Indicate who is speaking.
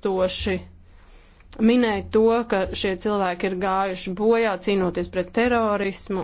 Speaker 1: atbilstoši minēja to, ka šie cilvēki ir gājuši bojā cīnoties pret terorismu